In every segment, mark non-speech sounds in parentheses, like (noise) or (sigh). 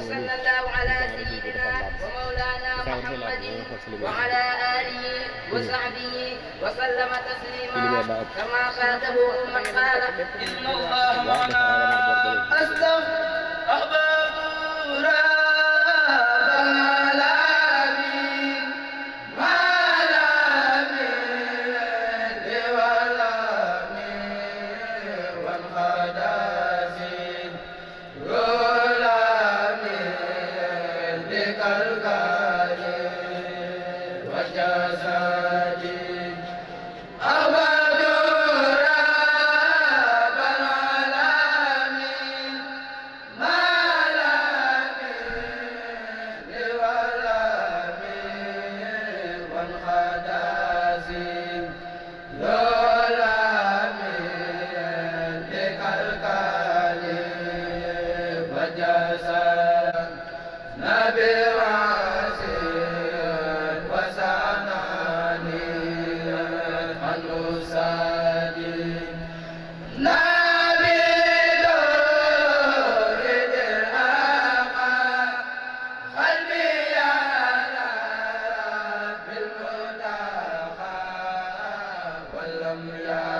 وصلى الله على سيدنا ومولانا محمد وعلى آله وصحبه وسلم تسليما كما خاته من قال إن الله مع أستغفر Ram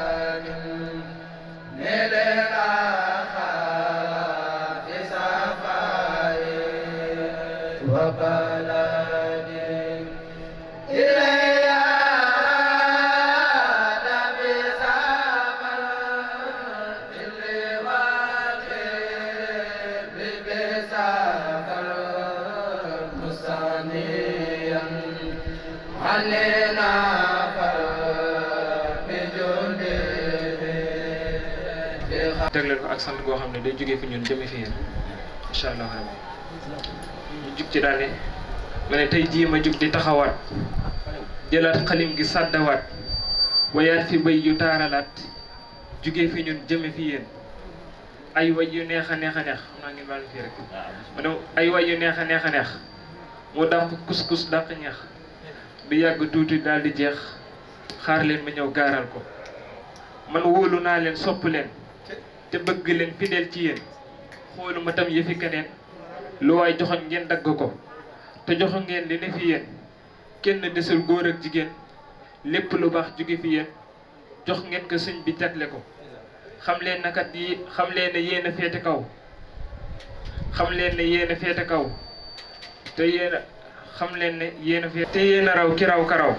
ak sant go xamne day jógee fi ñun jëme fi yeen inshallah rabbi ñu jug ci daal ne ma ne ma di taxawat jëlat khalim gi saddawat wayat fi bay yu taralat jógee fi ñun jëme fi yeen ay way yu neex a neex a neex ngeen rek mané ay way yu neex a neex mu damp kus-kus dàq ñeex du tuuti dal di jeex xaar leen ma ñew garal ko man leen te bëgg leen fidèle ci yéen xooluma tam yëfi keneen lu waay joxoñ ngeen dagg ko te joxo ngeen li ne fi yéen kenn desul góor ak jigéen lépp lu baax jóge fi yéen jox ngeen ko sëñ bi jagle ko xam leen na kat yi xam yéen a kaw xam leen ne yéen a kaw te yéen a xam leen ne yéen a féete te yéen a raw ki karaw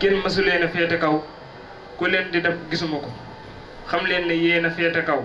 kenn mësu leen a féete kaw ku leen di def gisuma ko xam leen ne yéen a féete kaw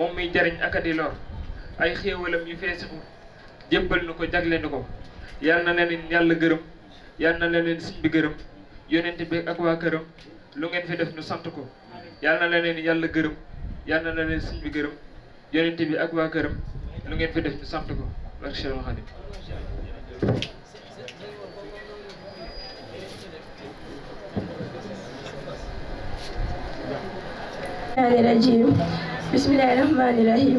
moom muy jariñ ak di lor ay xéewalam yu feesiku jébbal nu ko jagle nu ko yal na leen yàlla gërëm yal na leen sëñ bi gërëm yonent bi ak waa këram lu ngeen fi def nu sant ko yal na leen yàlla gërëm yal na leen gërëm yonent bi ak waa këram lu ngeen def sant ko barke bisimilahi rahmaani rahim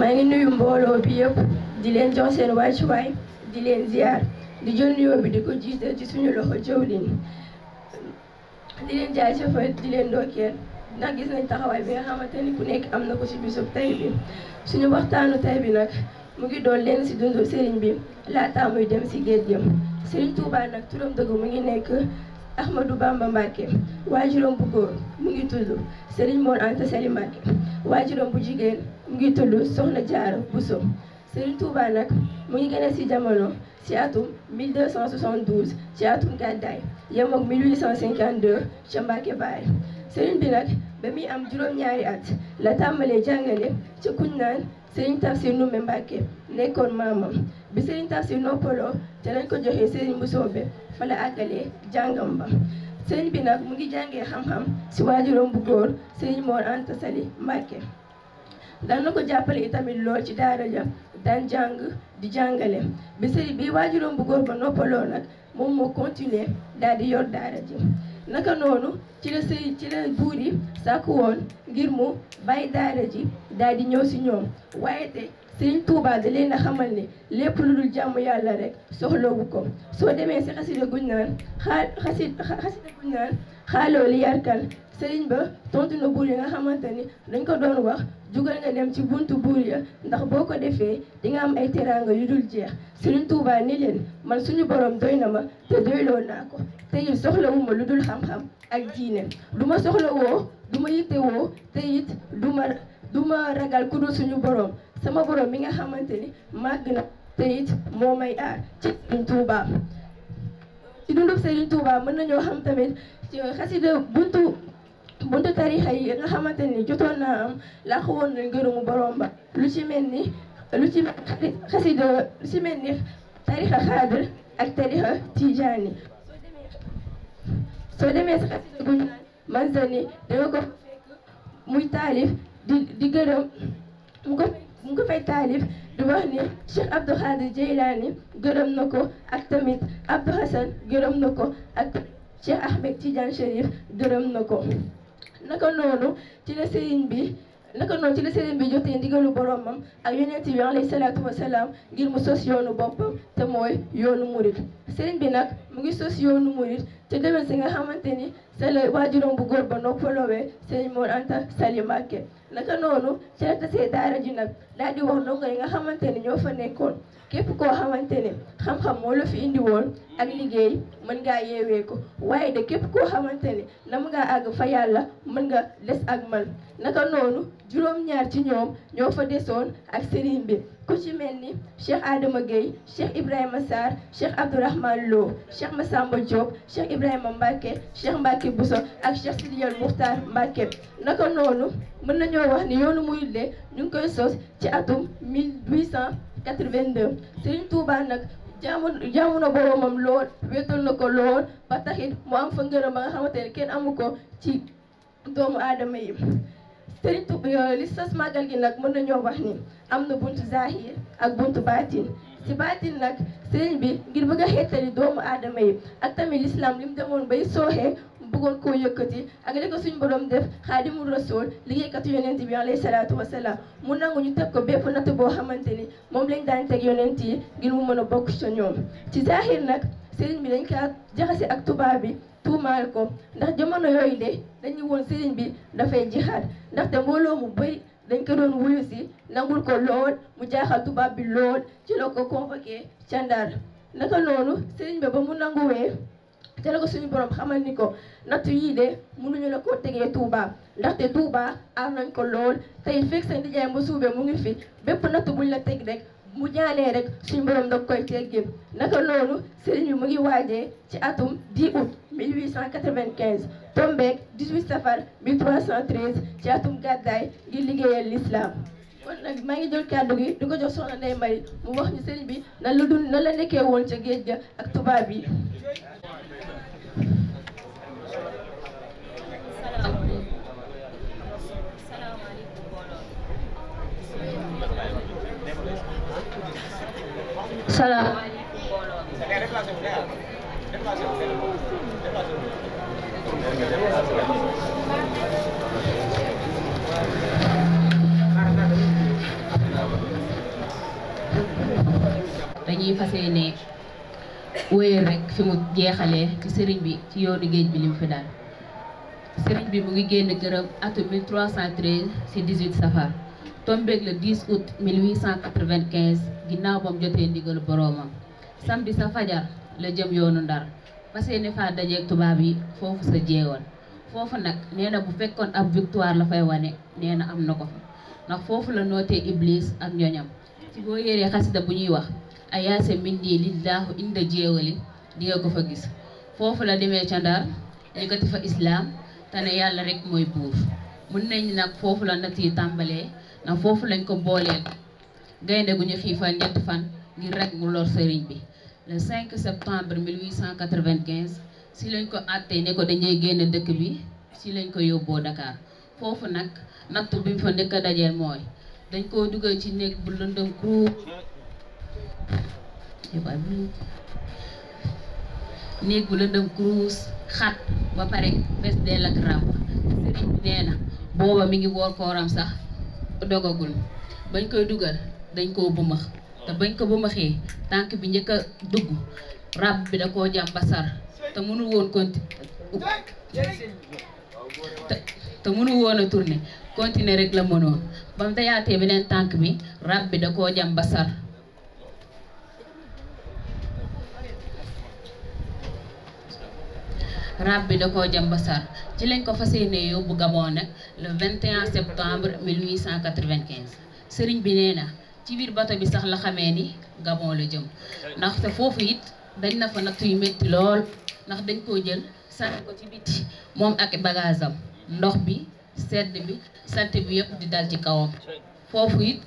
maa ngi nuyu mbooloo bi yëpp di leen jox seen wàccuwaay di leen ziar di jël nuyoo bi di ko jiital ci suñu loxo jëwlin di leen jaajëfal di leen ndokkeel ndax gis nañ taxawaay bi nga xamante ni ku nekk am na ko ci bisub tay bi suñu waxtaanu tay bi nag mu ngi doon leen ci dundu sëriñ bi laataa muy dem ci géej gi sëriñ Touba nag turam dëgg mu ngi nekk Ahmadou Bamba Mbacke waajuram bu góor mu ngi tudd Serigne Mor Anta Sali waa waajuram bu jigéen mu ngi tudd Soxna Jaara Bousso Serigne Touba nag mu ngi gën a ci jamono ci atum 1272 ci atum gàddaay yem ak 1852 ca Mbacke Baye Serigne bi nag ba mi am juróom-ñaari at la tàmbalee jàngale ca kuñ naan Serigne Tafsir Nume Mbacke nekkoon maamam bi sëriñ Tafsir noppaloo ca lañ ko joxee sëriñ bu soobe fa la àggalee jàngam ba sëriñ bi nag mu ngi jàngee xam-xam si waajuram bu góor sëriñ Mor Anta Sali Mbàkke daan na ko jàppale itamit lool ci daara ja daan jàng di jàngale bi sëriñ bi waajuram bu góor ba noppaloo nag moom moo continuer daal di yor daara ji naka noonu ci la sëriñ ci la buur yi sàkku woon ngir mu bàyyi daara ji daal di ñëw si ñoom waaye te sëriñ Touba da leen a xamal ni lépp lu dul jàmm yàlla rek soxloobu ko soo demee si xasida guñ naan xaa xasida guñ naan xaaloo li yarkal sëriñ ba tontu na buur yi nga xamante ni dañ ko doon wax jugal dem ci buntu buur ya ndax boo ko defee di nga am ay teraanga yu dul jeex sëriñ Touba ni leen man suñu borom doy na ma te doyloo naa ko te it soxlawuma lu dul xam-xam ak diine du ma soxla woo du ma yitte te it du ma du ma ragal ku dul suñu boroom sama borom mi nga xamanteni ni màgg na te it moo may ci Serigne Touba ci dundou Serigne Touba mën nañu xam tamit ci xasida buntu buntu tarixa yi nga xamanteni ni na am la woon na ngeerum borom ba lu ci melni lu ci xasida lu ci melni ni tarixa xaadir ak tarixa tijaani soo demee si xasida guñ naan manzani danga ko muy talif di di geureum mu ko mu ngi ko fay taalif di wax ni Cheikh Abdou Khadir Jeylaani gërëm na ko ak tamit Abdou Hassan gërëm na ko ak Cheikh Ahmed Tidiane Chérif gërëm na ko naka noonu ci la sëriñ bi naka noonu ci la sëriñ bi jotee ndigalu boromam ak yonent bi alayhi salaatu wasalaam ngir mu sos yoonu boppam te mooy yoonu murit sëriñ bi nag mu ngi sos yoonu murit te déwén si nga xamante ni sa waa waajuram bu góor ba noppalowee sëñ Mor Anta Sali Mbàkke naka noonu ci la tasee daara ji nag daal di wax ndongo yi nga xamante ni ñoo fa nekkoon képp koo xamante ne xam-xam moo la fi indi woon ak liggéey mën ngaa yeewee ko waaye de képp koo xamante ne nam ngaa àgg fa yàlla mën nga des ak man naka noonu juróom-ñaar ci ñoom ñoo fa desoon ak sëriñ bi ku ci mel ni Cheikh Adama Gueye Cheikh Ibrahima Sarr Cheikh Abdourahman Lo Cheikh Massamba Diop Cheikh Ibrahima Mbacke Cheikh Mbacke Bousso ak Cheikh Sidiyal Muxtaar Mbacke naka noonu mën nañoo wax ni yoonu murid de ñu ngi koy sos ci atum 1882 Serigne Touba nag jaamu jaamu na boroomam lool wéetal na ko lool ba taxit mu am fa ngërëm ba nga xamante kenn amu ko ci doomu aadama yi sëriñ Tuubaa li sës màggal gi nag mën nañoo wax ni am na buntu zahir ak buntu baatin si baatin nag sëriñ bi ngir bëgg a xeetali doomu aadama yi ak tamit lislaam li mu demoon bay sooxee bëggoon koo yëkkati ak li ko suñu borom def xaadimul rasul liggéeykatu yonent bi alayhi salaatu wasalaam mu nangu ñu teg ko bépp natt boo xamante ni moom lañ daan teg yonent yi ngir mu mën a bokk sa ñoom ci zahir nag sëriñ bi dañ kaa si ak tubaab bi tuumaal ko ndax jamono yooyu de dañuy woon sëriñ bi dafay jixaat ndax te mbooloo mu bëri dañ ko doon yi si nangul ko lool mu jaaxal tubaab bi lool ci la ko convoqué ca Ndar naka loolu seriñ bi ba mu nanguwee ca la ko suñu borom xamal ni ko natt yii de mënuñu la ko tegee Touba ndaxte Touba aar nañ ko lool tey it sañ di nijaay Masuube mu ngi fi bépp nattu buñ la teg rek mu ñaanee rek suñu borom da koy teggil naka noonu sëriñ bi mu ngi waajee ci atum 10 août 1895 tombeek 18 safar 1313 ci atum gàddaay ngir liggéeyal lislaam kon nag maa ngi jël kàddu gi di ko jox soxna Ndeye Mary mu wax ñu sëriñ bi na la dul na la nekkee woon ca géej ga ak tubaab yi والسلام dañuy fas yéene wéyal rek fi mu jeexalee ci sëriñ bi ci yoonu géej bi lim fi daal sëriñ bi mu ngi génn këram atum 1313 ci 18 safar tombeeg le 10 août 1895 ginnaaw ba mu jotee ndigal boroomam samedi sa fajar la jëm yoonu ndar fas yéene faa dajeeg tubaab yi foofu sa jeewal foofu nag nee na bu fekkoon ab victoire la fay wane nee na am na ko fa ndax foofu la nootee iblis ak ñoñam ci boo yéree xasida bu ñuy wax ayaase mbindii lillaahu inda jeewali di nga ko fa gis foofu la demee ca ndar yëkkati fa islaam te ne yàlla rek mooy buur mun nañ nag foofu la natt yi tàmbalee ndax foofu lañ ko booleel gaynde gu ñu xiifal ñetti fan ngir rek mu lor sëriñ bi le 5 septembre 1895 si lañ ko àttee ne ko dañuy génn dëkk bi si lañ ko yóbboo Dakar foofu nag natt bi fa njëkk a dajeel mooy dañ koo dugal ci néeg bu lëndëm kuu néeg bu lëndëm kuruus xat ba pare bés dell ak ràmb booba mi ngi woor kooram sax dogagul bañ koy dugal dañ koo bumax te bañ ko bumaxee tànk bi njëkk dugg rab bi da koo jàm basar te mënu konti te mënu woon a tourner continuer rek la mënoon bam dayaatee beneen tànk bi rab bi da koo basar rab bi da koo jëm ba sar ci lañ ko fas yow bu Gabon nag le 21 septembre 1895 sëriñ bi nee na ci biir bato bi sax la xamee ni Gabon la jëm ndaxte foofu it dañ na fa natt yu métti lool ndax dañ koo jël sànni ko ci biti moom ak bagaasam ndox bi sedd bi sant bi yëpp di dal ci kawam foofu it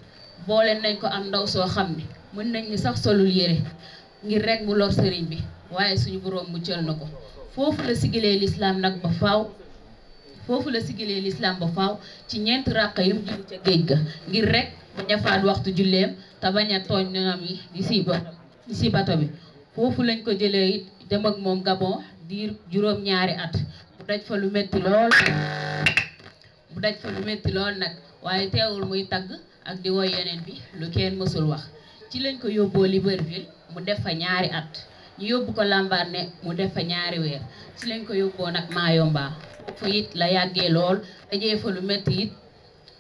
boole nañ ko am ndaw soo xam ne mën nañ ni sax solul yére ngir rek bu lor sëriñ bi waaye suñu boroom mu jël na ko Fofu la sigilé l'islam nag ba faaw fofu la sigilé l'islam ba faaw ci ñent ràqa yu julli ci geej ga ngir rek bu ñafaat waxtu julleem ta baña togn tooñ ñoom yi di siba di siba bi lañ ko jëlé it dem ak mom Gabon dir jurom ñaari at bu daj fa lu metti lool bu daj fa lu metti lool nag waye teewul muy tag ak di woy yenen bi lu kenn mësul wax ci lañ ko mu def fa ñaari at ñu yóbbu ko làmbaar ne mu def fa ñaari weer ci lañ ko yóbboo nag Mayomba fu it la yàggee lool dajee fa lu métti it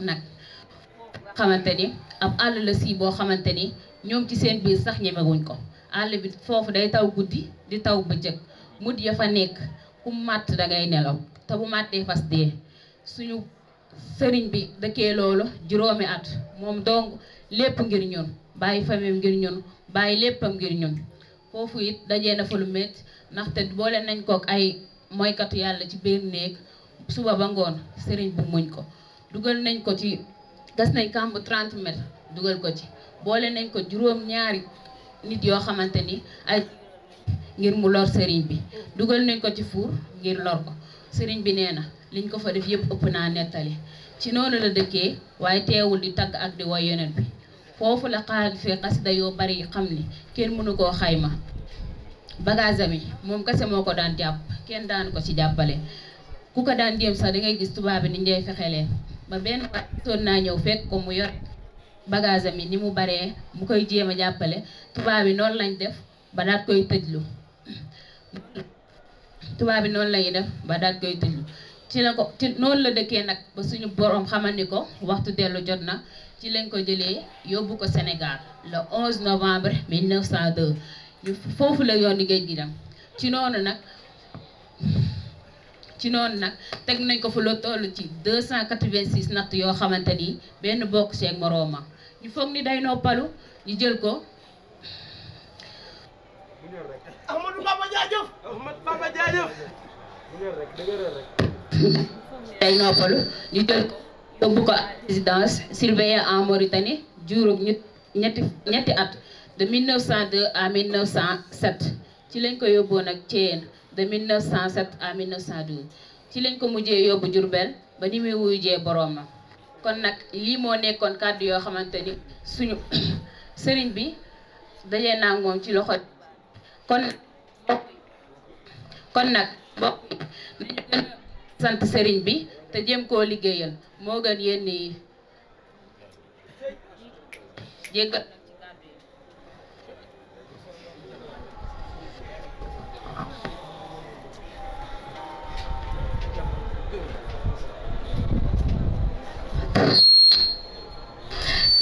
nag xamante ni ab àll la si boo xamante ni ñoom ci seen biir sax ñemewuñ ko àll bi foofu day taw guddi di taw bëccëg mut ya fa nekk ku màtt dangay nelaw te bu màttee fas dee suñu sëriñ bi dëkkee loolu juróomi at moom dong lépp ngir ñun bàyyi famille ngir ñun bàyyi léppam ngir ñun foofu it dajee na fa lu métti ndaxte boole nañ kook ay moykatu yàlla ci biir néeg suba ba ngoon sëriñ bu muñ ko dugal nañ ko ci gas nañ kàmb 30 mètres dugal ko ci boole nañ ko juróom ñaari nit yoo xamante ni ay ngir mu lor sëriñ bi dugal nañ ko ci fuur ngir lor ko sëriñ bi nee na liñ ko fa def yëpp ëpp naa nettali ci noonu la dëkkee waaye teewul di tagg ak di woy yonent bi foofu la xaal fi xasida yoo bari xam ni kenn mënu koo xayma bagaasa mi moom kese moo ko daan jàpp kenn daan ko ci jàppale ku ko daan jéem sax da ngay gis tubaab bi ni njey fexelee ba benn waay naa ñëw fekk ko mu yor bagage mi ni mu baree mu koy jéem a jàppale tubaab bi noonu lañ def ba daal koy tëjlu tubaab bi noonu lañuy def ba daat koy tëjlu ci la ko ci noonu la dëkkee nag ba suñu boroom xamal ni ko waxtu dellu jot na ci lañ ko jëlee yóbbu ko Sénégal le 11 novembre 1902 foofu la yoonu géej gi dem ci noonu nag ci noonu nag teg nañ ko fu la toll ci 286 natt yoo xamante ni benn bokk seeg moroomam ñu foog ni day noppalu ñu jël ko. (laughs) yóbbu ko résidence surveillée en Mauritanie juróom ñetti ñetti at de 1902 à 1907 ci lañ ko yóbboon ak Thiéyène de 1907 à 1912 ci lañ ko mujjee yóbbu Jurbel ba ni muy wuyu jee kon nag lii moo nekkoon kàddu yoo xamante ni suñu (coughs) sëriñ bi dajee naa moom ci loxo kon kon nag bokk nañu sant sëriñ bi te jéem koo liggéeyal moo gën yenn yi jéggal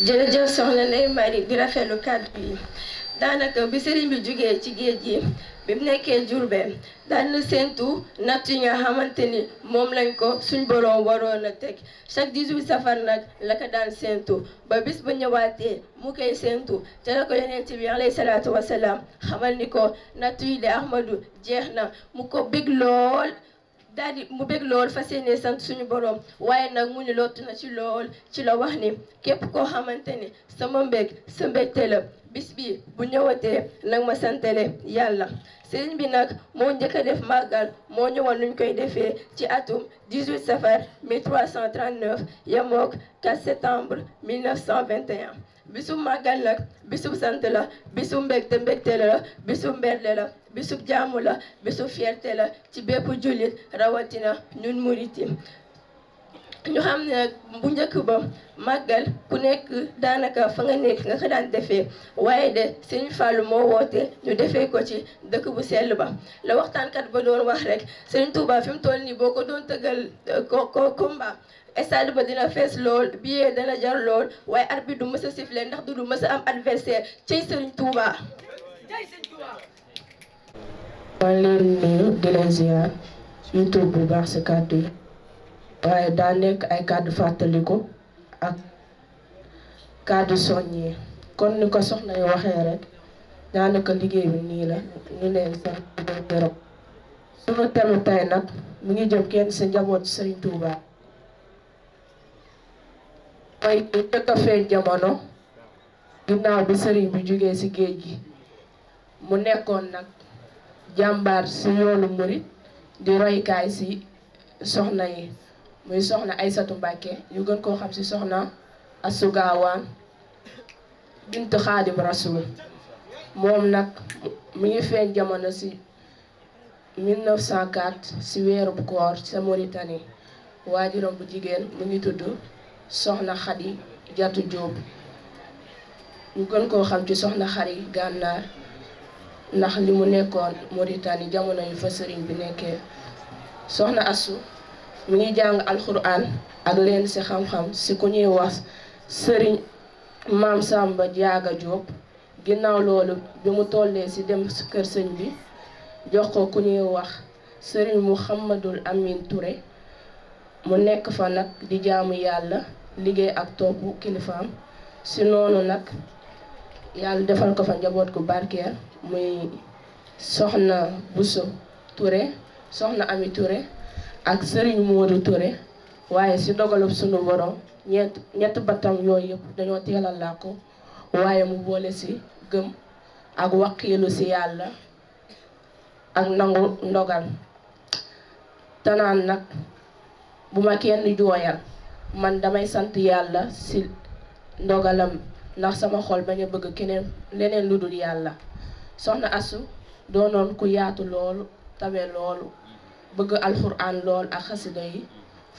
jërëjëf soxna Ndeye Marie di rafetlu kàddu yi daanaka bi sëriñ bi jugee ci géej gi bi mu nekkee Jurbel daan na séentu natt yi nga xamante ni moom lañ ko suñ boroom waroon a teg chaque 18 safar nag la ko daan séentu ba bis ba ñëwaatee mu koy séentu te la ko yonent bi alayhi salaatu wasalaam xamal ni ko natt yi de Ahmadu jeex na mu ko big lool daal di mu bég lool fas yéene sant suñu boroom waaye nag mu ni lottu na ci lool ci la wax ni képp koo xamante ni sama mbég sa mbégte la bis bi bu ñëwatee nag ma santale yàlla sëriñ bi nag moo njëkk def màggal moo ñëwoon nuñ koy defee ci atum 18 safar 1339 yamook 4 septembre 1921 bisum màggal la bisum sant la bisum mbégte mbégte la bisum mberde la bisub jàmm la bisum fierté la ci bépp jullit rawatina ñun muriti ñu xam ne bu njëkk ba màggal ku nekk daanaka fa nga nekk nga ko daan defee waaye de sëñ Fallou moo woote ñu defee ko ci dëkk bu sell ba la waxtaankat ba doon wax rek sëñ Touba fi mu toll nii boo ko doon tëggal eh, ko ko combat stade ba dina fees lool billet dana jar lool waaye bi du mës a ndax du du mës am adversaire cey sëriñ Touba. maa ngi leen nuyu bu baax si kàddu yi waaye daa nekk ay kàddu fàttaliku ak kàddu soññee kon ni ko soxna yi waxee rek daanaka liggéey bi nii la ñu leen sax di gërëm. suñu thème nag mu ngi jëm kenn si njaboot Serigne Touba. mooy bu njëkk feeñ jamono ginaaw bi sëriñ bi jógee ci géej gi mu nekkoon nag jàmbaar ci yoonu murit di roykaay ci soxna yi muy soxna Aysatu Mbàkke yu gën koo xam ci soxna Astu Gaawaan bint Xaadim Rasuul moom nag mu ngi feeñ jamono ci 1904 ci weeru koor ca waa waajuram bu jigéen mu ngi tudd soxna Xadi Jatu Jóob ñu gën koo xam ci soxna xari gànnaar ndax li mu nekkoon Mauritanie jamono yu fa sëriñ bi nekkee soxna asu mi ngi jàng alxuraan ak leen ci xam-xam si ku ñuy wax sëriñ maam sàmba Jaaga Jóob ginnaaw loolu bi mu tollee si dem kër sëñ bi jox ko ku ñuy wax sëriñ Muhammadul Amin Touré mu nekk fa nag di jaamu yàlla liggéey ak topp kilifaam si noonu nag yàlla defal ko fa njaboot gu barkeer muy soxna Bousso Touré soxna Ami Touré ak sëriñ Modou Touré waaye si dogalub sunu borom ñeent ñett battam yooyu yëpp dañoo teelal laa ko waaye mu boole si gëm ak wakiilu si yàlla ak nangu ndogal tanaan nag bu ma kenn jooyal man damay sant yàlla ci ndogalam ndax sama xol bañ a bëgg keneen leneen lu dul yàlla soxna asu doonoon ku yaatu loolu tawe loolu bëgg alxuraan lool ak xasida yi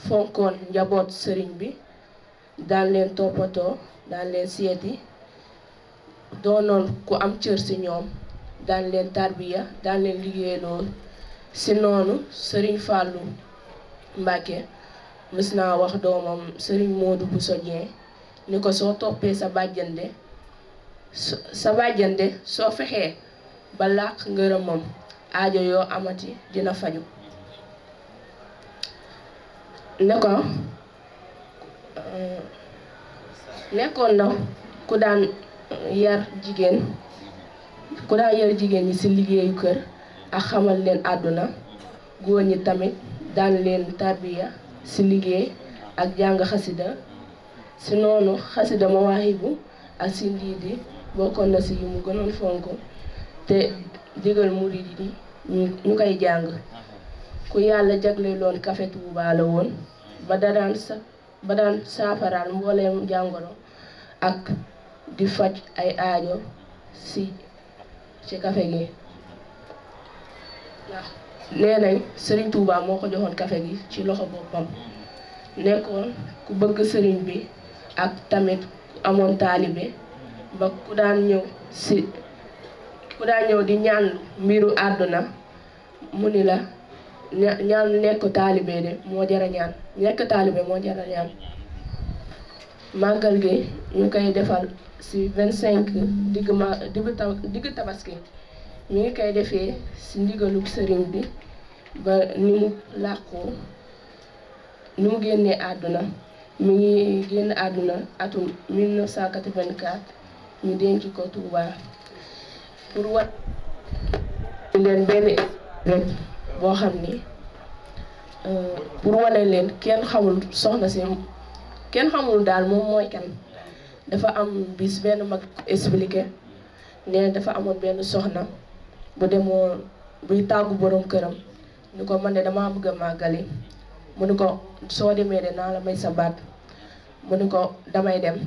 fonkoon njaboot sëriñ bi daan leen toppatoo daan seeti doonoon ku am cër ci ñoom daan leen tarbiya daan leen liggéey lool si noonu sëriñ Fàllu Mbàkke mës naa wax doomam sëriñ Modou bu sojee ni ko soo toppee sa bàjjande soo fexee ba làq ngërëmam aajo yoo amati dina faju ne ko euh, nekkoon na ku daan yar jigéen ku daan yar jigéen ñi ci liggéeyu kër ak xamal leen àdduna góor ñi tamit daan leen tarbiya ci liggéey ak jàng xasida si noonu xasida mawaahibu ak si ndiidi bokkoon na si mu gënoon fonk te digal murid yi ñu koy jàng ku yàlla jagleeloon kafe Tuuba la woon ba daan saafaraal mbooleem jàngoro ak di faj ay aajo si ci kafe gi nee sëriñ Serigne Touba moo ko joxoon kafe gi ci loxo boppam nekkoon ku bëgg sëriñ bi ak tamit ku amoon taalibe ba ku daan ñëw si ku daan ñëw di ñaan mbiru àdduna mu ni la ñaan nekk taalibe de moo jara ñaan nekk taalibe moo jara ñaan màggal gi ñu koy defal si vingt cinq digg tabaski ñu ngi koy defee si ndigalu sëriñ bi ba ni mu làqoo ni mu génnee àdduna mu ngi génn àdduna atum 1984 ñu denc ko Touba pour wat leen benn rek boo xam ni euh, pour wane leen kenn xamul soxna si kenn xamul daal moom mooy kan dafa am bis benn mag expliqué ne dafa amoon benn soxna bu demoo buy tàng borom këram ni ko man de damaa bëgg a màggali mu ni ko soo demee de naa la may sa baat mu ni ko damay dem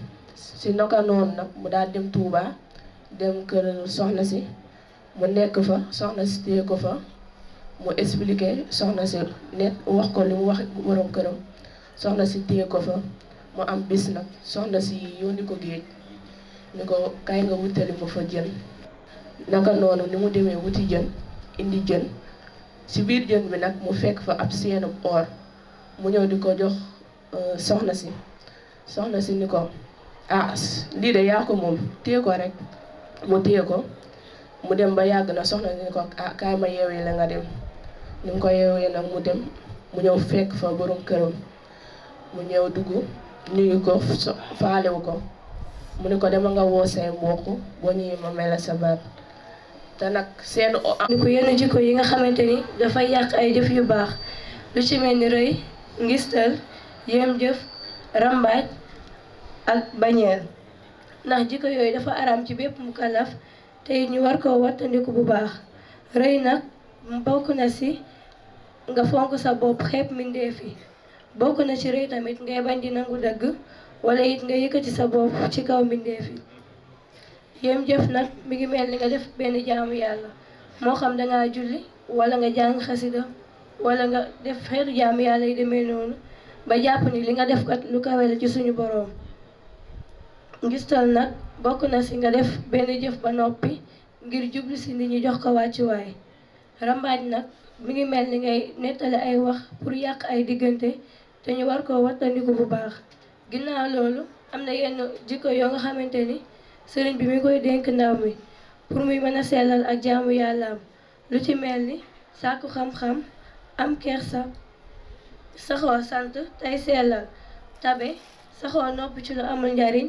si naka noonu nag mu daal dem Touba dem kër soxna si mu nekk fa soxna si téye ko fa mu expliqué soxna si net wax ko li mu wax borom këram soxna si téye ko fa mu am bis nag soxna si yónni ko géej ni ko kaay nga wutali ma fa jën naka noonu ni mu demee wuti jën indi jën ci biir jën bi nag mu fekk fa ab seenub or mu ñëw di ko jox euh, soxna si soxna si ni ko ah lii de yaa ko moom téye ko rek mu téye ko mu dem ba yàgg na soxna si ni ko ah la nga dem ni mu ko yeewee nag dem mu ñëw fekk fa borom këram mu ñëw dugg nuyu ko faalewu ko mu ni ko dama nga woo say mbokk boo ñëwee ma mel la sa baat te nag seen ni ko yenn jikko yi nga xamante ni dafa yàq ay jëf yu baax lu ci mel ni rëy ngistal yéem jëf rambaaj ak bañeel ndax jikko yooyu dafa araam ci bépp mu kalaf te it ñu war koo wattandiku bu baax rëy nag bokk na si nga fonk sa bopp xeeb mbindeef yi bokk na si rëy tamit ngay bañ di nangu dëgg wala it nga yëkkati sa bopp ci kaw mbindeef yi yéem jëf nag mi ngi mel ni nga def benn jaamu yàlla moo xam dangaa julli wala nga jàng xasida wala nga def xeetu jaamu yàlla yi demee noonu ba jàpp ni li nga def ko lu kawe ci suñu boroom ngistal nag bokk na si nga def benn jëf ba noppi ngir jublu si ni ñi jox ko wàccuwaay rambaaj nag mu ngi mel ni ngay nettali ay wax pour yàq ay diggante te ñu war koo wattandiku bu baax ginnaaw loolu am na yenn jikko yoo nga xamante ni sëriñ bi mi koy dénk ndaw mi pour muy mën a sellal ak jaamu yàllaam lu ci mel ni sàkku xam-xam am kersa saxoo sant tey sellal tabe saxoo nopp ci lu amul njariñ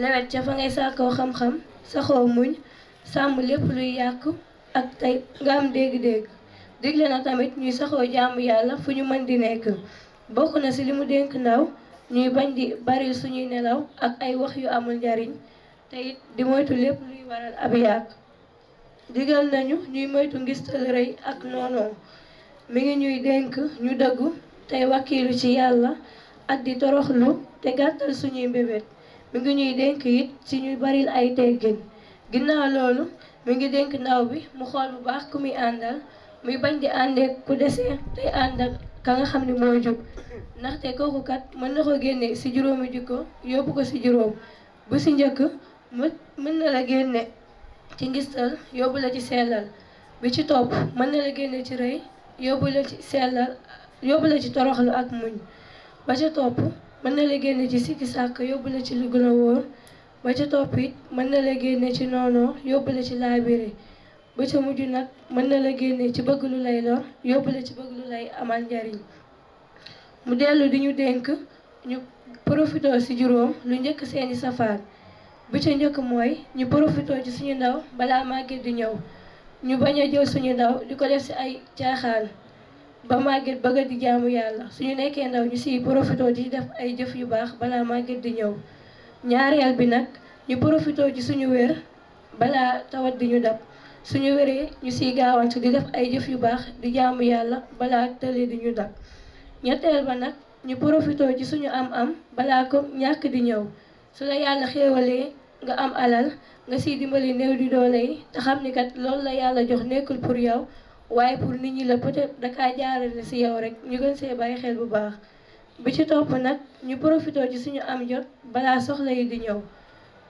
lewet ca fa ngay sàkkoo xam-xam saxoo muñ sàmm lépp luy yàq ak tey nga am dégg-dégg digle na tamit ñuy saxoo jaamu yàlla fu ñu mën di nekk bokk na ci li mu dénk ndaw ñuy bañ di bari suñuy nelaw ak ay wax yu amul njariñ Tay di moytu lépp luy waral ab yàq digal nañu ñuy moytu ngistal rëy ak noonoo mi ngi ñuy dénk ñu dëggu tey wàkkiilu ci yàlla ak di toroxlu te gàttal suñuy mbébét mi ngi ñuy dénk it ci ñuy baril ay teggin ginnaaw loolu mi ngi dénk ndaw bi mu xool bu baax ku muy àndal muy bañ di ku ka nga kat mën na ko génne si juróomi jikko yóbbu ko si juróom bu si mën na la génne ci ngistal yóbbu la ci sellal bi ci topp mën na la génne ci rëy yóbbu la ci sellal yóbbu la ci toroxlu ak muñ ba ca topp mën na la génne ci sikki sàkk yóbbu la ci lu gën a wóor ba ca topp it mën na la génne ci noonoo yóbbu la ci laabire ba ca mujj nag mën na la génne ci bëgg lu lay lor yóbbu la ci bëgg lu lay amal njariñ mu dellu di ñu dénk ñu profitoo ci juróom lu njëkk seeni safaan bi ca njëkk mooy ñu profité ci suñu ndaw balaa màgget di ñëw ñu bañ a jël suñu ndaw di ko def si ay caaxaan ba màgget bëgg di jaamu yàlla suñu nekkee ndaw ñu siy profité di def ay jëf yu baax balaa màgget di ñëw ñaareel bi nag ñu profité ci suñu wér balaa tawat di ñu dab suñu wéree ñu siy gaawantu di def ay jëf yu baax di jaamu yàlla balaa tële di ñu dab ñetteel ba nag ñu profité ci suñu am-am balaa ko ñàkk di ñëw su la yàlla xéewalee nga am alal nga siy dimbali néew di doole yi te xam ni kat loolu la yàlla jox nekkul pour yow waaye pour nit ñi la peut-être dakaa jaarale si yow rek ñu gën see bàyyi xel bu baax bi ci topp nag ñu profité ci suñu am jot balaa soxla yi di ñëw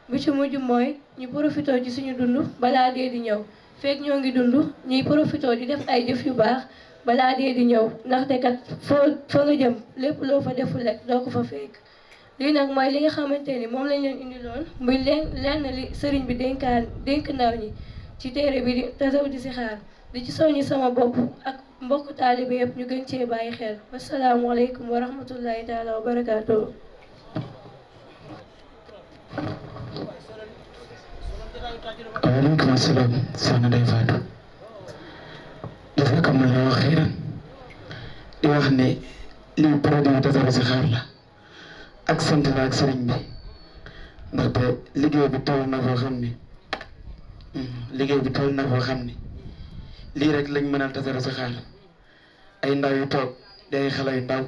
bi ci mujj mooy ñu profité ci suñu dund balaa dee di ñëw fekk ñoo ngi dund ñuy profité di def ay jëf yu baax balaa dee di ñëw ndaxte kat foo fa nga jëm lépp loo fa deful rek doo ko fa fekk lii nag mooy li nga xamante ni moom lañ leen indiloon muy leen lenn li sëriñ bi dénkaan dénk ndaw ñi ci téere bi di tasaw di si xaar di ci soññi sama bopp ak mbokk taalibe ñu gën cee bàyyi xel wasalaamualeykum wa rahmatullahi taala wa barakaatuhu waaleykum salaam kam na la wax xëy di wax ne li produit tasaw di si xaar la ak sant na ak sëriñ bi ndaxte liggéey bi toll na foo xam ni hmm, liggéey bi toll na foo xam ni lii rek lañ mënal tasara sa xaal ay ndaw yu toog di ay xale yu ndaw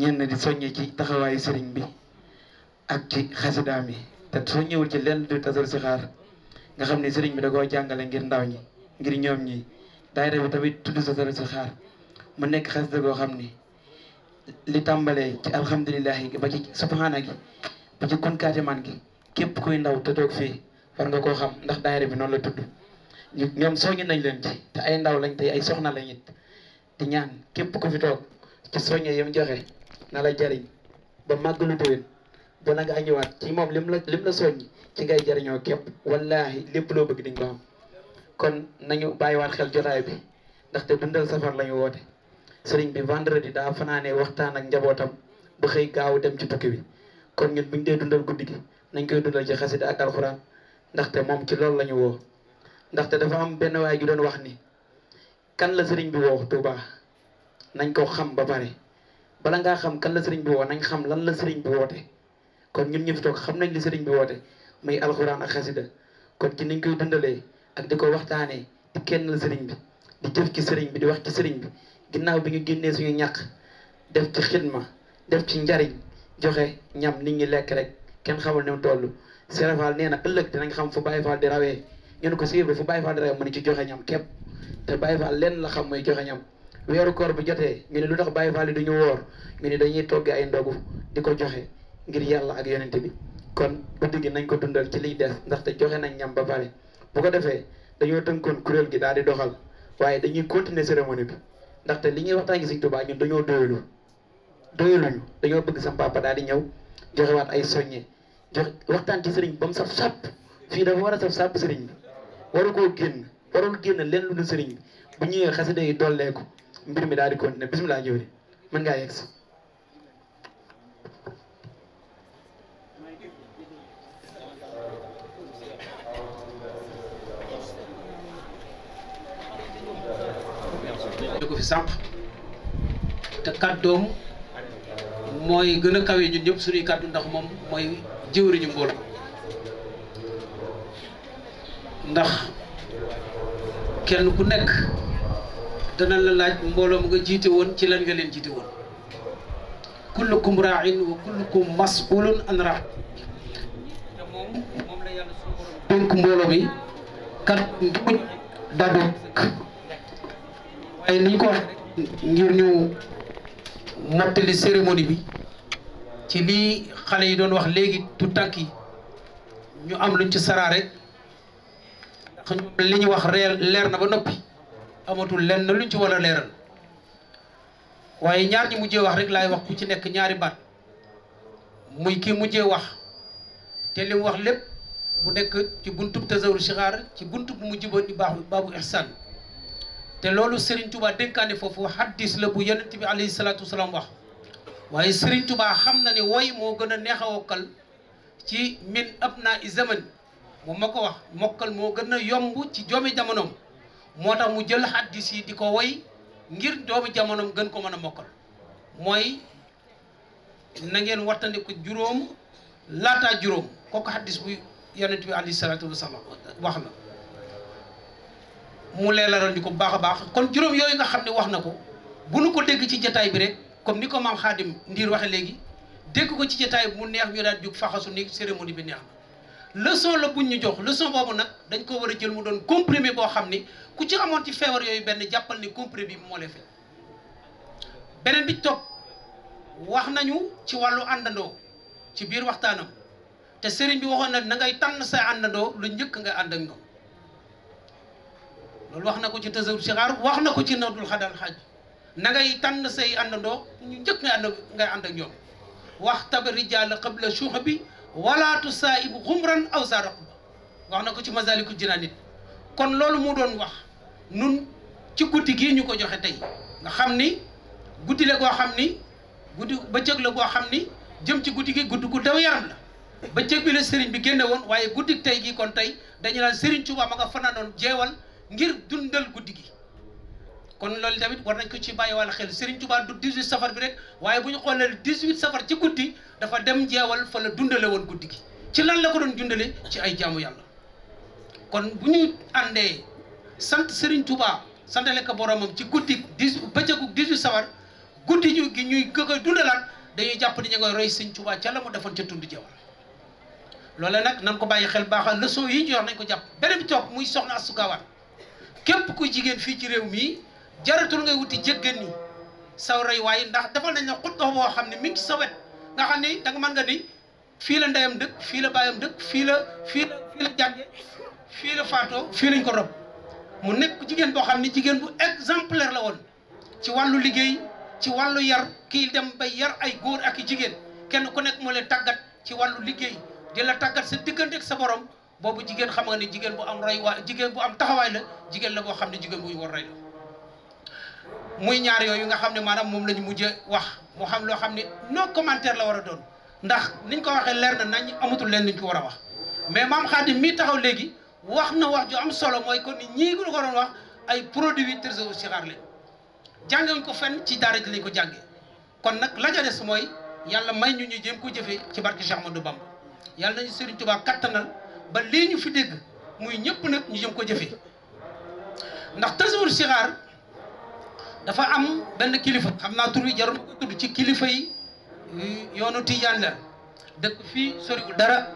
ñenn di soññe ci taxawaayu sëriñ bi ak ci xasidaam yi te soññewul ci lenn du tasar si xaar nga xam ne sëriñ bi da koo jàngale ngir ndaw ñi ngir ñoom ñi daayira bi tamit tudd tasar si xaar mu nekk xasida goo xam ni li tàmbalee ci alhamdulilahi gi ba ci subhaana gi ba kon kun maan gi képp kuy ndaw te toog fii war nga koo xam ndax daayira bi noonu la tudd ñu ñoom soññ nañ leen ci te ay ndaw lañ tey ay soxna lañ it di ñaan képp ku fi toog ci soññe yam joxe na la jariñ ba màggalu déwén ba na a añëwaat ci moom lim la lim la soññ ci ngay jariñoo képp wallaahi lépp loo bëgg di nga ko kon nañu waat xel jotaay bi ndaxte dundal safar la ñu woote sëriñ bi vendredi daa fanaanee waxtaan ak njabootam ba xëy gaaw dem ci tukki bi kon ñun bu ñu dee dundal guddi gi nañ koy dundal ci xasida ak alxuraan ndaxte moom ci loolu la ñu woo ndaxte dafa am benn waay ju doon wax ni kan la sëriñ bi woo Touba nañ ko xam ba pare bala ngaa xam kan la sëriñ bi woo nañ xam lan la sëriñ bi woote kon ñun ñu fi xam nañ li sëriñ bi woote muy alxuraan ak xasida kon ci niñ koy dundalee ak di ko waxtaanee di kenn sëriñ bi di jëf ci sëriñ bi di wax ci sëriñ bi ginnaaw bi ñu génnee suñu ñàkk def ci xidma def ci njariñ joxe ñam nit ñi lekk rek kenn xamul ne mu toll Serigne Fall nee na ëllëg dinañ xam fu Baye Fall di rawee ñu ne ko Serigne fu Baye Fall di rawee mu ne joxe ñam képp te Baye Fall lenn la xam mooy joxe ñam weeru koor bu jotee ñu ne lu tax Baye Fall yi ñu woor ñu dañuy togg ay ndogu di ko joxe ngir yàlla ak yonent bi kon bu gi nañ ko dundal ci liy des ndaxte joxe nañ ñam ba pare bu ko defee dañoo tënkoon kuréel gi daal di doxal waaye dañuy continuer cérémonie bi. ndaxte li ñuy waxtaan gi Sëñ Tuubaa ñun dañoo doylu doyluñu dañoo bëgg sam papa daal di ñëw joxewaat ay soññe jox waxtaan ci sëriñ ba mu saf sàpp fii dafa war a saf sàpp sëriñ bi waru koo génn warul génn lenn lu dul sëriñ bi bu ñëwee xasida yi dolleeku mbir mi daal di continuer bisimilah jëwri mën ngaa yegg si fi te kaddom moy gëna kawé ñun ñëpp suñu kaddu ndax moom mooy jëwriñu mbol ndax kenn ku nekk dana la laaj mbolom nga jité won ci lan nga leen jité won kullukum ra'in wa kullukum mas'ulun an raa'in te moom moom kat mbuj ay ni ko waxee ngir ñu mottali cérémonie bi ci lii xale yi doon wax léegi tu tànk ñu am luñ ci saraa rek ndax li ñu wax leer na ba noppi amatul lenn luñ ci war a leeral waaye ñaar ñi mujjee wax rek laay wax ku ci nekk ñaari baat muy kii mujje wax te li wax lépp mu nekk ci buntub tasawur sixaar ci bunt bu mujj ba baax baabu ihsaan te loolu Serigne tubaa dénkaane foofu xaddis la bu yonent bi alayhi salaatu wasalaam wax waaye Serigne Touba xam na ne woy moo gën a neex a wokkal ci min ab naa i zaman moom ma ko wax mokkal moo gën a yomb ci joomi jamonoom moo tax mu jël xaddis yi di ko woy ngir doomi jamonoom gën ko mën a mokkal mooy na ngeen wattandiku juróom laataa juróom kooku xaddis bu yonent bi alayhi salaatu wasalaam wax la mu leelaral ñu ko bu baax a baax kon juróom yooyu nga xam ne wax na ko bu nu ko dégg ci jataay bi rek comme ni ko maam Xaadim Ndiir waxe léegi dégg ko ci jataay mu neex ñu daan jug faxasu ni cérémonie bi neex na leçon la buñ ñu jox leçon boobu nag dañ koo war a jël mu doon comprimé boo xam ni ku ci amoon ci feebar yooyu benn jàppal ni comprimé bi moo lay beneen bi toog wax nañu ci wàllu àndandoo ci biir waxtaanam te sëriñ bi waxoon na na tànn sa àndandoo lu njëkk nga ànd ak ñoom loolu wax na ko ci si sixaar wax na ko ci nadul xadal xaj na ngay tànn say àndandoo ñu njëkk ngay ànd ngay ànd ak ñoom waxtab rijaala qabla suuxa bi wala tusaaibu xumran aw saraq wax na ko ci masaliku jinaan nit kon loolu mu doon wax nun ci guddi gii ñu ko joxe tey nga xam ni guddi la goo xam ni guddi bëccëg la goo xam ni jëm ci guddi gi guddi gu daw yaram la bëccëg bi la sëriñ bi génne woon waaye guddi tey gi kon tey dañu naan sëriñ Tuubaa ma nga fanaanoon jeewal ngir dundal guddi gi kon loolu tamit war nañ ko ci bàyyi wàll xel Serigne Touba du 18 safar bi rek waaye bu ñu xoolee 18 safar ci guddi dafa dem jeewal fa dundale woon guddi gi ci lan la ko doon dundale ci ay jaamu yàlla kon bu ñu àndee sant Serigne Touba santale ko boromam ci guddi 10 bëccëgu 18 safar guddi gi ñuy ko koy dundalaat dañuy jàpp ni ñu koy roy Serigne ca la mu defoon ca tund jeewal nag nan ko bàyyi xel baaxal leçon yi ñu yor nañ ko jàpp beneen bi toog muy soxna Astou Gawane képp ku jigéen fii ci réew mi jaratul ngay wuti jëggan ni saw rey waaye ndax dafa nañ la xut dox boo xam ne mi ngi sa wet nga xam ne danga man nga ni fii la ndeyam dëkk fii la baayam dëkk fii la fii la fii fii la faatoo fii lañ ko rob mu nekk jigéen boo xam ne jigéen bu exemplaire la woon ci wàllu liggéey ci wàllu yar kii dem bay yar ay góor ak i jigéen kenn ku nekk moo leen tàggat ci wàllu liggéey di la tàggat sa diggante ak sa borom boobu jigéen xam nga ne jigéen bu am roy waa jigéen bu am taxawaay la jigéen la boo xam ne jigéen bu ñu war roy la muy ñaar yooyu nga xam ne maanaam moom la ñu mujj wax mu xam loo xam ne no commentaire la war a doon ndax niñ ko waxee leer na nañ amatul leen ni ko war a wax mais ma maam Xaadim mii taxaw léegi wax na wax ju am solo mooy kon ñii ko doon wax ay produit produits trésor sixaar lañ jàngewuñ ko fenn ci daara ji lañ ko jànge kon nag la ca des mooy yàlla may ñu ñu jëm ko jëfee ci barke Cheikh Ahmadou Bamba yàlla nañu Serigne Touba kattanal. ba lii ñu fi dégg muy ñëpp nag ñu jëm ko jëfee ndax tasawur sixaar dafa am benn kilifa xam naa tur wi jarul ma ko tudd ci kilifa yi yoonu Tijaan la dëkk fii soriwul dara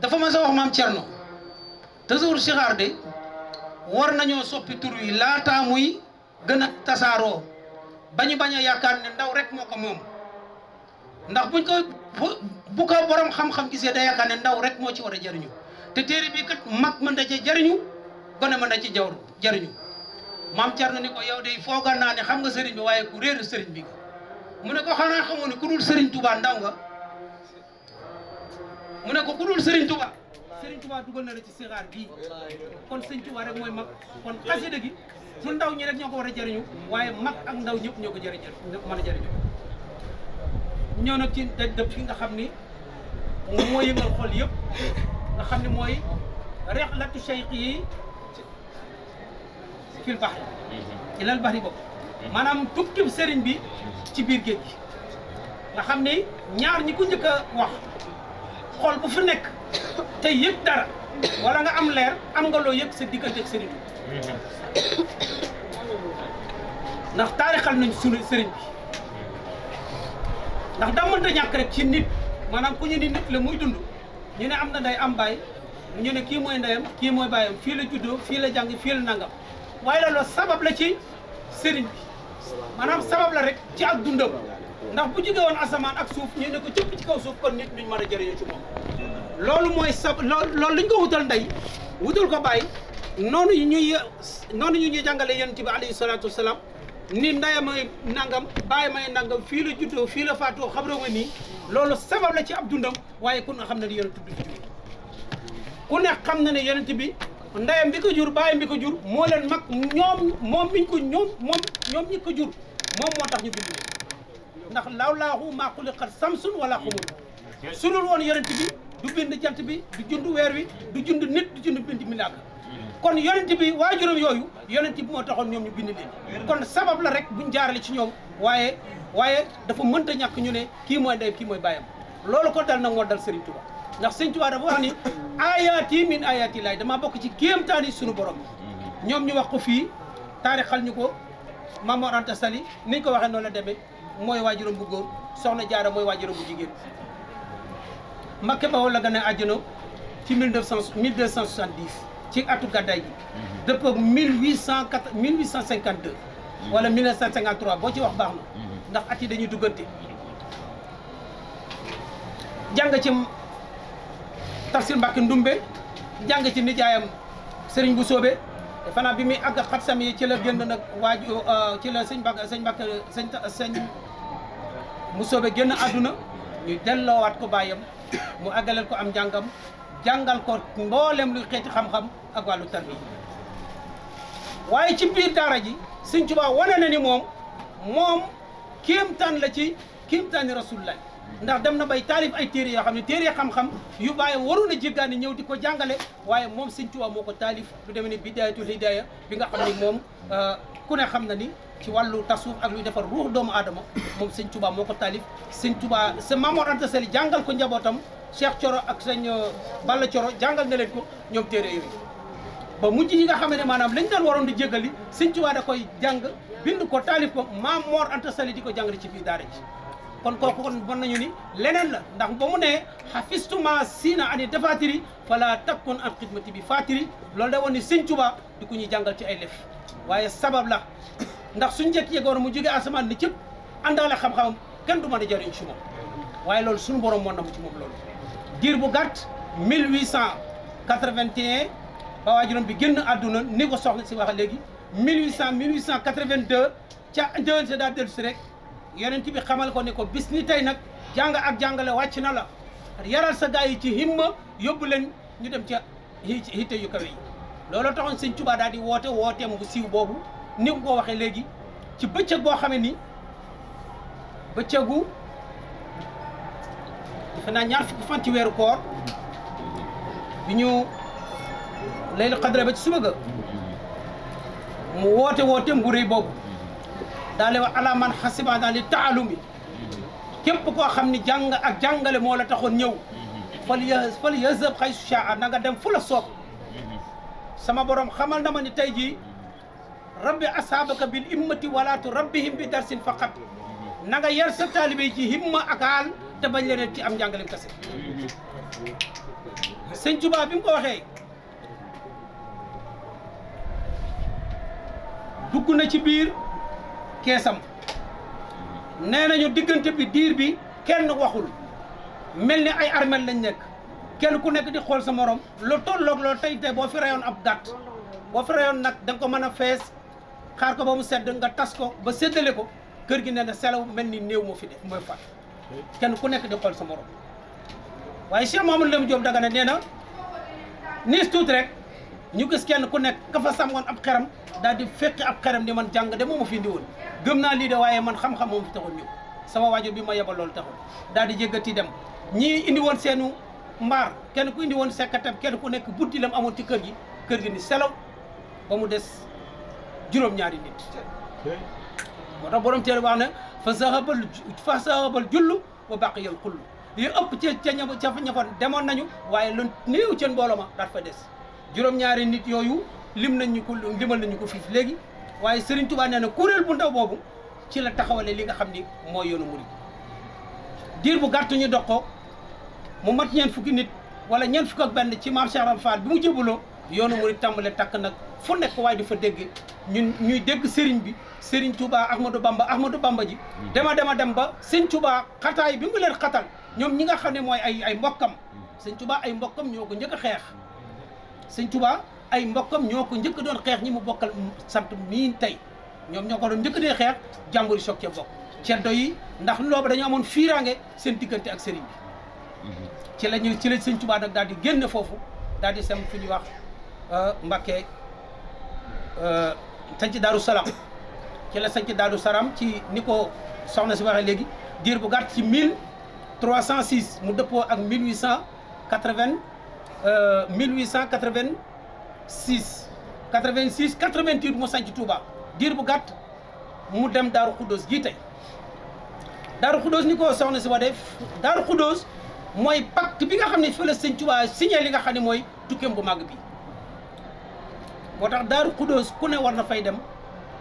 dafa mas a wax maam Cerno tasawur sixaar de war nañoo soppi tur wi laataa muy gën a tasaaroo bañu bañ a yaakaar ne ndaw rek moo ko moom ndax buñ ko bu bu borom xam-xam gisee da yaakaar ndaw rek moo ci war a jëriñu te téere bi kat mag mën na ci jëriñu gone mën na ci jaww jëriñu maam Thierno ni ko yow de foogaan naa ne xam nga sëriñ bi waaye ku réeru sëriñ bi nga mu ne ko xanaa xamoo ne ku dul sëriñ Touba ndaw nga mu ne ko ku dul sëriñ Touba sëriñ Touba dugal na la ci sixaar bii kon sëriñ Touba rek mooy mag kon xasida gi su ndaw ñi rek ñoo ko war a jëriñu waaye mag ak ndaw ñëpp ñoo ko jëriñ ñëpp mën a ñoo nag ci daj dëpp nga xam ni moo yëngal xol yëpp nga xam ni mooy rexlatu cheikh yi fil baxri ilal baxri boobu mhm. maanaam tukkib sëriñ bi ci biir géej gi nga xam ni ñaar ñi ko njëkk a wax xol bu fi nekk te yëg dara wala nga am leer am nga loo yëg sa diggante ak sëriñ bi mhm. ndax taarixal nañ sunu sëriñ bi ndax daa mënta ñàkk rek ci nit maanaam ku ñu ni nit la muy dund ñu ne am na nday am baay ñu ne kii mooy ndeyam kii mooy baayam fii la juddoo fii la jàng fii la nangam waaye loolu sabab la ci sëriñ bi maanaam sabab la rek ci ak dundam ndax bu jóge woon asamaan ak suuf ñu ne ko cëpp ci kaw suuf kon nit duñ mën a jëriñoo ci moom loolu mooy sab loolu li ñu ko wutal ndey wutal ko bàyyi noonu ñuy noonu ñu ñuy jàngale yonent bi alayhi salaatu wasalaam ni ndayam ay nangam bàyyi may nangam fii la juddoo fii la faatoo xam nga nii loolu sabab la ci ab dundam waaye ku ne xam na ne yonent bi ku xam na ne yonent bi ndayam bi ko jur bàyyam bi ko jur moo leen mag ñoom moom miñ ko ñoom moom ñoom ñi ko jur moom moo tax ñu bind ndax law laahu maa xuliqat samsun wala xumul su dul woon yonent bi du bind jant bi du jund weer wi du jund nit du jund bind milaaka kon yonent bi waajuram yooyu yonent bi moo taxoon ñoom ñu bind leen kon sabab la rek buñ jaarale ci ñoom waaye waaye dafa mënta ñàkk ñu ne kii mooy ndeyam kii mooy baayam loolu ko dal na moo dal Serigne Touba ndax Serigne Touba dafa wax ni ayaati min ayaati laay damaa bokk ci kéemtaani sunu borom ñoom ñu wax ko fii taari xal ñu ko Mamor Anta Sali niñ ko waxee noonu la deme mooy waajuram bu góor soxna Jaara mooy waajuram bu jigéen Mbakke Bawol la gën a àjjana ci 1970 ci atou gàddaay yi depuis 1852 wala 1953 bo ci wax baax na ndax ati yi dañuy duggante jàng ci tafsir Mbàkke Ndumbe jang ci nijaayam serigne bu sobe fana bi mi ag khatsam yi ci la genn nak waaju eh, ci la serigne Mbàkke serigne Mbàkke serigne mu sobe genn aduna ñu wat ko bayam mu àggaleel ko am jangam jàngal ko mboolem lu xeeti xam-xam ak wàllu tarbiya waaye ci biir daara ji Sëñ Tuubaa wane na ni moom moom kéemtaan la ci kéemtaani rasulullah ndax dem na bay taalif ay téere yoo xam ne téere xam-xam yu bàyyi waroon a jéggaani ñëw di ko jàngale waaye moom Sëñ moo ko taalif lu demee ni bidaayatul hidaaya bi nga xam ne moom euh, ku ne xam na ni ci walu tasuf ak luy defal ruh doomu adama mom seigne Touba moko talif seigne Touba ce mamour Anta Sali jàngal ko njabotam Cheikh choro ak seigne euh, Balla choro jangal na len ko ñom téere yi ba mujj yi nga xamene manam lañ daan waroon di jégali seigne Touba da koy jang bind ko talif ko mamour Anta Sali di ko ci fi daara ji kon kooku kon bon nañu ni lenen la ndax bamu ne sina ani dafatiri fala takun an khidmati bi fatiri loolu da woni seigne Touba di ñi jangal ci ay lef waye sabab la ndax suñ njëkk yëgoon mu jógee asamaan ni cëpp àndaale xam-xamam kenn du mën a jëriñ ci moom waaye loolu suñu borom moo nam ci moom loolu diir bu gàtt 1881 ba waajuram bi génn àdduna ni ko soxla si wax léegi 1800 1882 ca déwénte daa dellu si rek yonent bi xamal ko ne ko bis ni tey nag jàng ak jàngale wàcc na la yaral sa gars yi ci himma yóbbu leen ñu dem ca hitte yu kawe yi loolu taxoon sëñ Tuubaa daal di woote wooteem bu siiw boobu ni nga ko waxee léegi ci bëccëg boo xamee ni bëccëgu defe naa ñaar fukki fan ci weeru koor bi ñu laylu xadra ba ci suba ga mu woote woote mburu boobu daal di wax alaaman xasiba daal di taalumi képp koo xam ni jàng ak jàngale moo la taxoon ñëw fal ya fal yazab shaa na nga dem fu la soob sama borom xamal na ma ni tey jii ربي أصحابك بالإمة ولا تربيهم بدرس فقط نغا يرسى طالبي جي همة أكال تبجلنا تي أم جانجل كسر سنجوبا بيم كو وخي دوكو نا سي بير كيسام نانا دير بي كين واخول ملني اي ارمل لا نيك كين كو نيك دي خول سا موروم لو تولوك لو تاي تاي فيس xaar ko ba mu sedd nga tas ko ba séddale ko kër gi ne na selaw mel ni néew moo fi def mooy fat kenn ku nekk di xool sa morom waaye Cheikh Mamadou Lamine Diop Dagana nee na niis tuuti rek ñu gis kenn ku nekk ka fa sàmmoon ab xeram daal di fekki ab xeram ni man jàng de moo ma fi indi woon gëm naa lii de waaye man xam-xam moom fi taxul ñëw sama waajur bi ma yebal loolu taxul daal di jéggati dem ñii indi seenu mbaar kenn ku indi woon sekkatam kenn ku nekk buddi lam amoon ci kër gi kër gi ni selaw ba mu des juróom-ñaari nit moo tax borom téere wax ne fa sahabal fa sahabal jullu kullu li ëpp ca ca ña ca ñafa demoon nañu waaye lu néew ca mbooloo ma fa des juróom-ñaari nit yooyu lim nañ ñu ko limal nañu ko fii léegi waaye Serigne Touba nee kuréel bu ndaw boobu ci la taxawale li nga xam ni mooy yoonu murid diir bu gàtt ñu dox ko mu mat ñeent fukki nit wala ñeent fukk ak benn ci maam Cheikh bi mu jébbaloo yoonu mu di tàmbale takk nag fu nekk waaye di fa dégg ñun ñuy dégg Serigne bi Serigne Touba Ahmadou Bamba Ahmadou Bamba ji. Hmm. dema dema dem ba Serigne tubaa xataay bi mu leen xatal ñoom ñi nga xam ne mooy ay ay mbokkam. Hmm. Serigne tubaa ay mbokkam ñoo ko njëkk a xeex. Serigne Touba ay mbokkam ñoo ko njëkk doon xeex ñi mu bokkal sant miin tey ñoom ñoo ko doon njëkk dee xeex jàmbur yi soog cee bokk. ceddo yi ndax looba dañoo amoon fiiraange seen diggante ak Serigne bi. Hmm. ci la ñuy ci la Serigne tubaa nag daal di génn foofu daal di sem fu ñuy Euh, Mbacke euh, sañc daaru salaam ci la sañc daaru salaam ci ni ko soxna si waxee léegi diir bu gàtt ci 1306 mu dëppoo ak 1880 1886 86 88 mu sañc Touba diir bu gàtt mu dem daaru Khoudoss gii tey daaru Khoudoss ni ko soxna si waxee daaru Khoudoss mooy pacte bi nga xam ne fële sëñ Touba signé li nga xam ne mooy tukkeem bu màgg bi moo tax daaru xudóos ku ne war na fay dem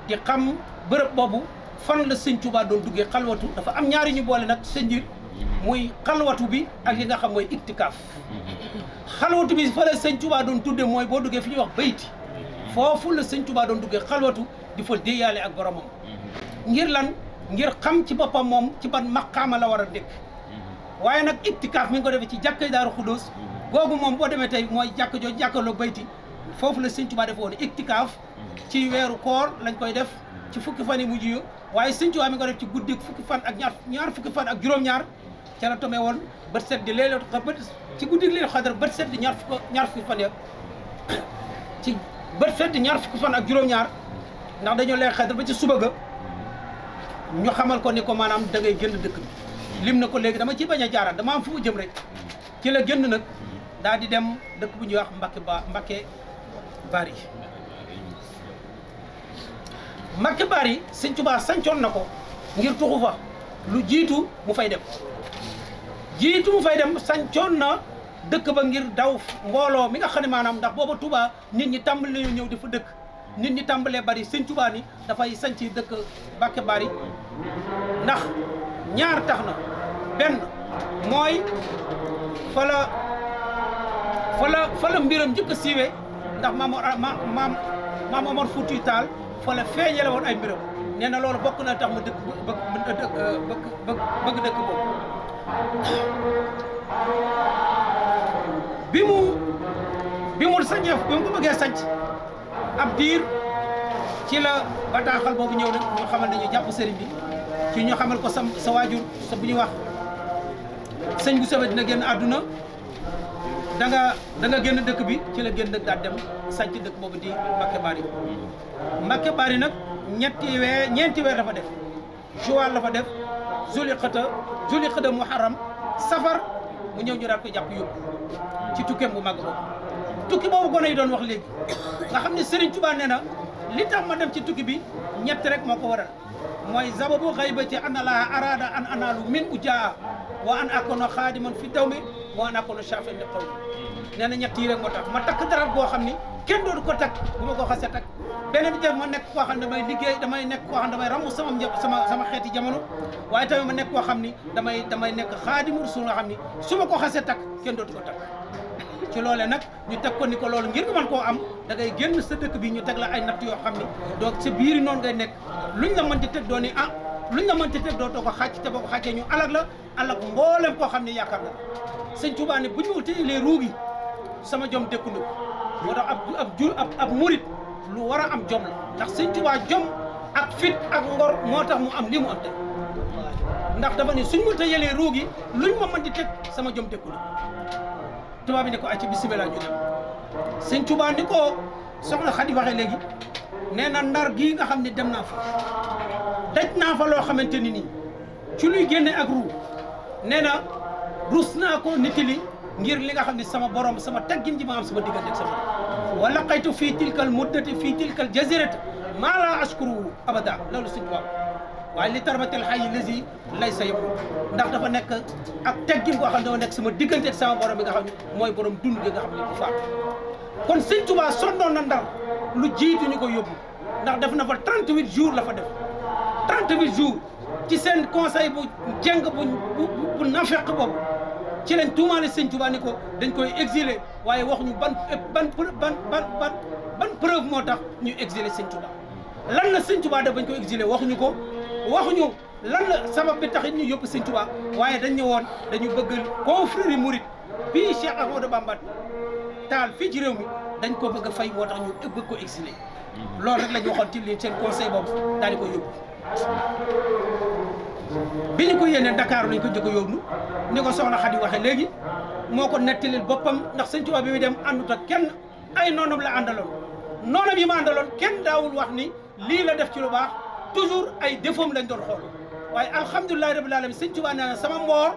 di xam bërëb boobu fan la sëñ Tuubaa doon duggee xalwatu dafa am ñaari ñu boole nag sëñ bi muy xalwatu bi ak yi nga xam mooy iktikaaf xalwatu bi fa la sëñ Tuubaa doon tudde mooy boo duggee fi ñuy wax bayti foofu la sëñ Tuubaa doon duggee xalwatu di fa déyaale ak boromam ngir lan ngir xam ci boppam moom ci ban maqaama la war a nekk waaye nag iktikaaf mi ngi ko defee ci jàkkay daaru xudóos mm-hmm. googu moom boo demee tey mooy jàkk jooju jàkkaloo bayti foofu la Sëñ Tuubaa def woon iktikaaf mhm. ci weeru koor lañ koy def mhm. ci fukki fan yi mujj yi waaye Sëñ Tuubaa mi ko def ci guddi fukki fan ak ñaar ñaar fukki fan ak juróom-ñaar ca la tomee ci guddi leen xadar bët set di ñaar fukki ñaar fukki fan ya (coughs) ci bët set di ñaar fukki fan ak juróom-ñaar ndax dañoo leen xadar ba ci suba ga mhm. ñu xamal ko ni ko maanaam da ngay génn dëkk bi lim na ko léegi dama ci bañ a jaaraat dama am fu mu jëm rek ci la génn nag daal di dem dëkk bu ñuy wax Mbacke ba Bari Mbacké Bari Sëñ sancoon na ko ngir tuxu jiitu mu fay dem jiitu mu fay dem sancoon na dëkk ba ngir daw mbooloo mi nga xam ne maanaam ndax booba Tuubaa nit ñi tàmbali ñëw dafa dëkk nit ñi tàmbalee bari Sëñ Tuubaa dafay sanc dëkk Mbacké Bari ndax ñaar tax na benn mooy fa la fa la fa la ndax maam ah, maam maam Omar Fouti Tall fa la feeñale woon ay mbiram nee na loolu bokk na tax mu dëkk euh, bëgg bëgg dëkk boobu bi mu bi mu sañeef bi mu ko bëggee sanc ab diir ci la bataaxal boobu ñëw nag ñu xamal nañu jàpp sëriñ bi ci ñu xamal ko sa sa waajur sa bu ñuy wax sëñ bu soobee dina génn àdduna da danga da génn dëkk bi ci la génn dëkk daal dem sànc dëkk boobu di Mbacké Bari Mbacké Bari nag ñetti weer ñeenti weer dafa def Joal dafa def Zuli Xëta Zuli Xëta Muharram Safar mu ñëw ñu daal ko jàpp yóbbu ci tukkeem bu mag boobu tukki boobu gone yi doon wax léegi nga xam ne Serigne Touba na li tax ma dem ci tukki bi ñett rek moo ko waral mooy zababu xaybati anna laa arada an analu min ujaa wa an akono xaadiman fi daw mi an akono shafin li nee na ñett rek moo tax ma takk dara boo xam ni kenn dootu ko takk ma ko xasee takk beneen bi def ma nekk koo xam ne damay liggéey damay nekk koo damay ramu sama njëb sama sama xeeti jamono waaye ma nekk koo xam ni damay damay nekk xaadimu rasul nga xam ni su ma ko xasee takk kenn dootu ko takk ci loolee nag ñu teg ko ni ko loolu ngir nga koo am da ngay sa dëkk bi ñu teg la ay natt yoo xam ni donc sa biiri noonu ngay nekk luñ la mën di teg doon ni ah luñ la mën di teg doo too ko xàcc te boo ko ñu alag la alag mboolem koo xam ne yaakaar la sëñ Tuubaa ne bu ñu utilisé ruugi sama jom dëkkunu ko moo tax ab jur ab ab murit lu war a am jom ndax sëñ Tuubaa jom ak fit ak ngor moo tax mu am li mu am de ndax dafa ne suñ ma tëjalee ruugi luñ ma di teg sama jom dëkkunu tubaab bi ne ko acci bisimilah ñu dem sëñ Tuubaa ni ko soxna Xadi waxee léegi nee na ndar gi nga xam ne dem naa fa daj naa fa loo xamante ni nii ci luy génne ak ruu nee na rus naa ko nitili ngir li nga xam ne sama borom sama teggin ji ma am sama diggante ak sama wa laqaytu fii tilkal muddati fii tilkal jazirati maa laa ashkuru abada loolu suñ waaw waaye li tarbatil hayyi lazi laysa yaqul ndax dafa nekk ak teggin xam ne dafa nekk sama diggante ak sama borom bi nga xam ne mooy borom dund gi nga xam ne bu faatu kon sëñ Tuubaa na Ndar lu jiitu ni ko yóbbu ndax def na fa 38 jours la fa def 38 jours ci seen conseil bu jeng bu bu bu nafeq boobu ci lañ tuumaale sëñ Touba ni ko dañ koy exiler waaye ñu ban ban ban ban ban ban preuve moo tax ñu exiler sëñ Touba lan la sëñ bañ ko exiler waxuñu ko waxuñu lan la sabab bi taxit ñu yóbbu sëñ Touba waaye dañ woon dañu bëgg confrérie mouride bii Cheikh Ahmadou Bamba taal fii ci réew mi dañ koo bëgg a fay moo tax ñu bëgg ko exiler mm-hmm. loolu rek la ñu waxoon ci li seen conseil boobu daal di ko yóbbu bi ñu ko yéenee Dakar lañ ko jëkk a yóbbu ni ko soxna Xadi waxe léegi moo ko nettalil boppam ndax sëñ Tuubaa bi muy dem àndut kenn ay noonam la àndaloon noonam yi ma àndaloon kenn daawul wax ni lii la def ci lu baax toujours ay défauts lañ doon xool waaye alhamdulilah rabbil alamin sëñ Tuubaa nee na sama mboor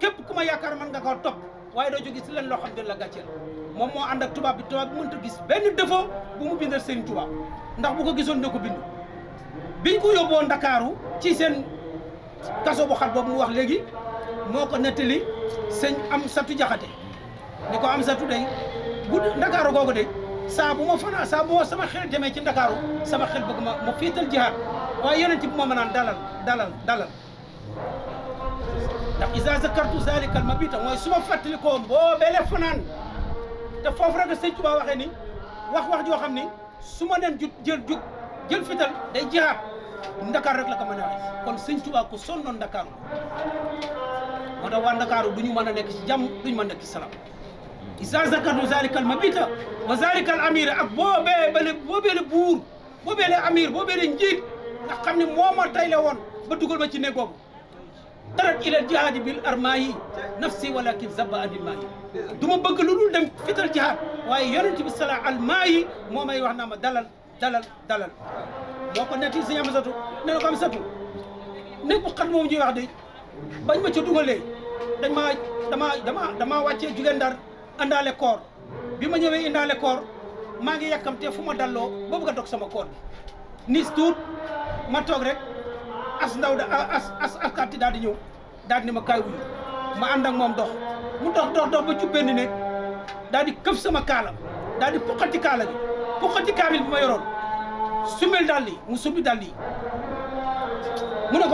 képp ku ma yaakaar mën nga ko topp waaye doo jóge si leen loo xam ne la gàcceel moom moo ànd ak tubaab bi tubaab bi mënut gis ben défaut bu mu bindal sëñ Tuubaa ndax bu ko gisoon ne ko bind ko yóbboo Ndakaaru ci seen kaso bu xat boobu wax léegi moo ko nettali sëñ Amsatu Jaxate ni ko Amsatu day bu Ndakaaru googu de saa bu ma fanaa saa boo sama xel demee ci Ndakaaru sama xel bëgg ma ma féetal jihaad waaye yeneen ci bu ma mënaan dalal dalal dalal ndax isa zakartu zalika al mabita mooy su ma fàttali ko boo belee fanaan te foofu rek sëñ Tuubaa waxee ni wax wax joo xam ni su ma nen jut jël jug jël fital day jihaad ndakaar rek la ko mën kon sëñ Tuubaa ku sonnoon ndakaaru moo tax waa ndakaaru du ñu mën a nekk ci jàmm du ñu mën a ci salaam isa zakartu zalika ma mabita wa zalika al amir ak boobee bale boobee le buur boobee le amir boobee le njiit nga xam ne moo ma tay la woon ba dugal ma ci ne googu tarat ila jihaadi bil armaayi nafsi walakin zaba adil maayi du ma bëgg lu dul dem jihaad waaye yonent bi sala al maayi moo may wax naa ma dalal dalal dalal boo ko netti si am satu ne la ko am satu nekk bu xat moom ji wax de bañ ma ca dugalee dañ maa dama dama damaa wàccee jóge ndar indaale koor bi ma ñëwee indaale koor maa ngi yàkkamte fu ma dalloo ba bëgg a dog sama koor bi nis tuut ma toog rek as ndaw da as as askatti daal di ñëw daal di ne ma kaay wuyu ma ànd ak moom dox mu dox dox dox ba ci benn daal di këf sama kaala daal di puqati kaala bi puqati kaamil bi ma yoroon sumil dàll yi mu summi dàll yi mu ne ko